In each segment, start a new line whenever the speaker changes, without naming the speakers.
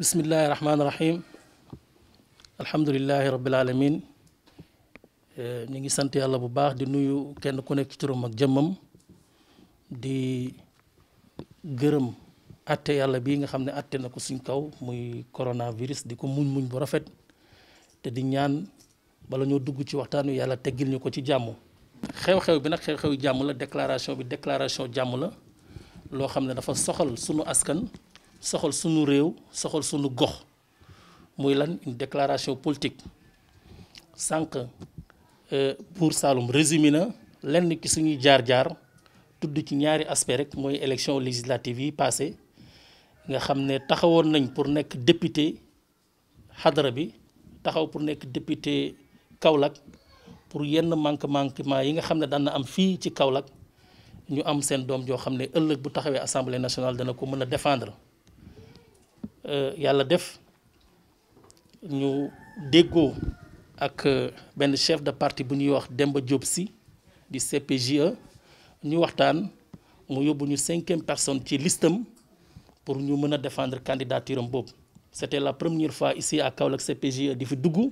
بسم الله الرحمن الرحيم الحمد لله رب العالمين نيغي سانت الله بو باخ دي نويو كين كو نيك تورو ماك جيمم دي گيرم اتي يالا بيغا خامني اتي نكو سين كاو موي كورونا فيروس ديكو مون مون بو رافيت تي دي نيان بالا نيو دوجو سي وقتانو يالا تيغيل نيو كو سي جامو خيو خيو بي نا خيو خيو جامو لا ديكلاراسيون بي ديكلاراسيون جامو لا لو خامني دا فا سوخال اسكن soxal sunu réew soxal sunu gox muy lan une déclaration politique sànq pour euh, Saloum résumé na lenn ci suñu jaar-jaar tudd ci ñaari aspect rek mooy élection législative yi passé nga xam ne taxawoon nañ pour nekk député xadara bi taxaw pour nekk député Kaolack pour yenn manque-manquement yi nga xam ne daan na am fii ci Kaolack ñu am seen doom joo xam ne ëllëg bu taxawee assemblée nationale dana ko mën a défendre euh, yàlla def ñu déggoo ak euh, benn chef de parti bu ñuy wax Demba Diop Sy di CPJE ñu waxtaan mu yóbbu ñu cinquième personne ci listam pour ñu mën a défendre candidature am boobu c'était la première fois ici à Kaolack CPJE di fi dugg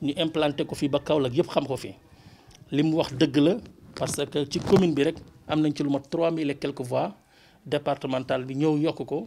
ñu implanté ko fi ba Kaolack yëpp xam ko fi li mu wax dëgg la parce que ci commune bi rek am nañ ci lu ma 3000 et quelques voix départemental bi ñëw yokk ko.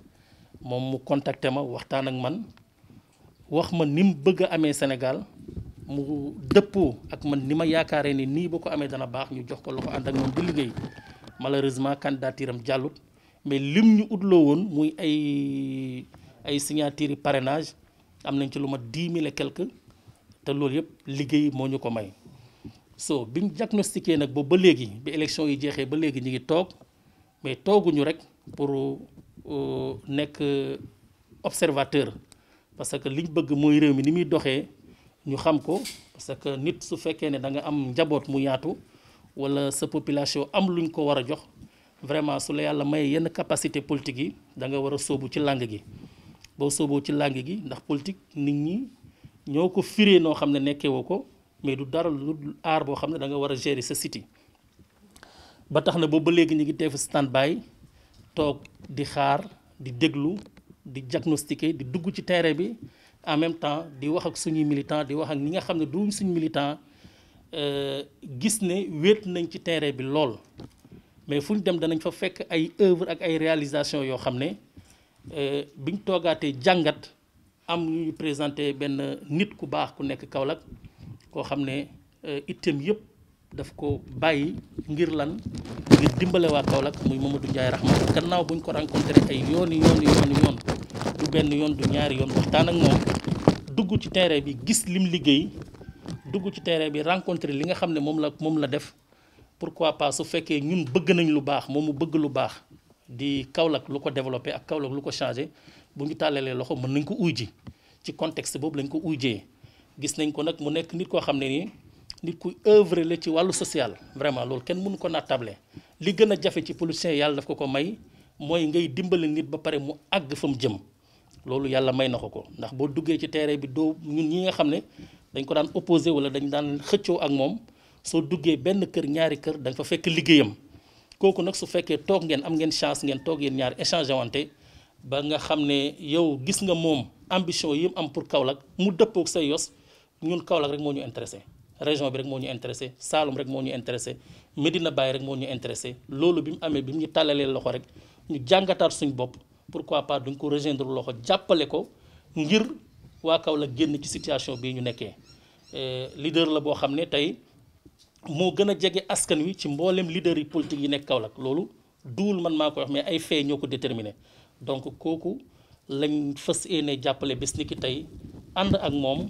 moom mu contacté ma waxtaan ak man wax ma ni mu bëgg a amee Sénégal mu dëppoo ak man ni ma yaakaaree ni nii ba ko amee dana baax ñu jox ko loxo ànd ak moom di liggéey malheureusement candidature am jàllut mais lim ñu utloo woon muy ay ay signature parrainage am nañ ci lu ma dix mille quelque te loolu yëpp liggéey moo ñu ko may so bi mu diagnostiqué nag boobu ba léegi bi élection yi jeexee ba léegi ñu ngi toog mais tooguñu rek Euh, nekk observateur parce que liñ bëgg mooy réew mi ni muy doxee ñu xam ko parce que nit su fekkee ne da nga am njaboot mu yaatu walla sa population am luñ ko war a jox vraiment su la yàlla maye yenn capacité politique yi da nga war a sóobu ci làng gi boo sóoboo ci làng gi ndax politique nit ñi ñoo ko firee noo xam ne nekkee woo ko mais du dara lu aar boo xam ne da nga war a gérer sa cité ba tax na boobu ba léegi ñu ngi def stand by tok di xaar di déglu di diagnostiquer di dugg ci terrain bi en même temps di wax ak suñuy militants di wax ak ñi nga xam ne duñ militants euh, gis ne wéet nañ ci terrain bi lool mais fu dem danañ fa fekk ay œuvre ak ay réalisation yoo xam ne euh, biñ toogaatee jàngat am ñu présenté benn nit ku baax ku nekk Kaolack koo xam ne euh, itteem daf ko bàyyi ngir lan ngir dimbale waa Kaolack muy Mamadou Ndiaye Rahma bu buñ ko rencontré ay yooni yooni yooni yoon du benn yoon du ñaari yoon waxtaan ak moom dugg ci terrain bi gis lim liggéey dugg ci terrain bi rencontré li nga xam ne moom la moom la def pourquoi pa su fekkee ñun bëgg nañ lu baax moom mu bëgg lu baax di Kaolack lu ko développé ak Kaolack lu ko changé bu ñu tàllalee loxo mën nañ ko uy ci contexte boobu lañ ko uy gis nañ ko nag mu nekk nit koo xam ne nii nit kuy œuvre la ci walu social vraiment loolu kenn mënu ko naatable li gën a jafe ci politicien yàlla daf ko ko may mooy ngay dimbali nit ba pare mu àgg fa mu jëm loolu yàlla may na ko ko ndax boo duggee ci terrain bi doo ñun ñi nga xam ne dañ ko daan opposé wala dañ daan xëccoo ak moom soo duggee benn kër ñaari kër da nga fa fekk liggéeyam kooku nag su fekkee toog ngeen am ngeen chance ngeen toog yéen ñaar échanger wante ba nga xam ne yow gis nga moom ambition yi am pour Kaolack mu dëppoog say yos ñun Kaolack rek moo ñu intéressé région bi rek moo ñu intéressé Saalum rek moo ñu intéressé Medina bàyyi rek moo ñu intéressé loolu bi mu amee bi mu ñu tàllalee loxo rek ñu jàngataat suñ bopp pour pourquoi pas duñ ko rejoindre loxo jàppale ko ngir waa kaw la génn ci situation bii ñu nekkee euh, leader la boo xam ne tey moo gën a jege askan wi ci mboolem leader yi politique yi nekk Kaolack loolu duwul man maa ko wax mais ay faits ñoo ko déterminé donc kooku lañ fas yéene jàppale bés ni ki tey ànd ak moom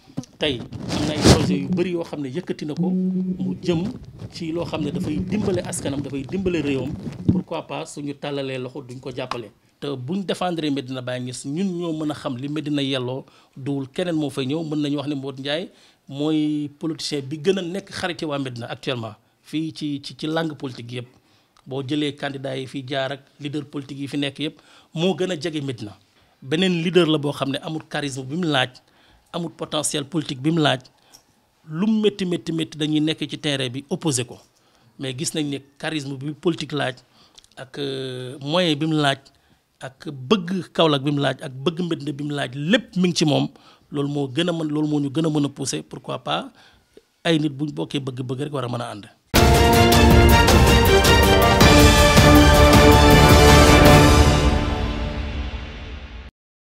tey am na ay yu bëri yoo xam ne yëkkati na ko mu jëm ci loo xam ne dafay dimbale askanam dafay dimbale réewam pourquoi pas suñu tàllalee loxo duñ ko jàppale. te buñ défendre Medina Baye Niass ñun ñoo mën a xam li Medina yelloo duwul keneen moo fay ñëw mën nañu wax ne mboot njaay mooy politicien bi gën a nekk xariti waa Medina actuellement fii ci ci ci langue politique yëpp boo jëlee candidat yi fi jaar ak leader politique yi fi nekk yëpp moo gën a jege Medina beneen la amul potentiel politique bi mu laaj lu mu métti métti métti dañuy nekk ci terrain bi opposé ko mais gis nañ ne charisme bi politique laaj ak euh, moyen bi mu laaj ak bëgg Kaolack bi mu laaj ak bëgg Médina bi mu laaj lépp mi ngi ci moom loolu moo gën a mën loolu moo ñu gën a mën a poussé pourquoi pas ay nit buñ bokkee bëgg-bëgg rek war a mën a ànd.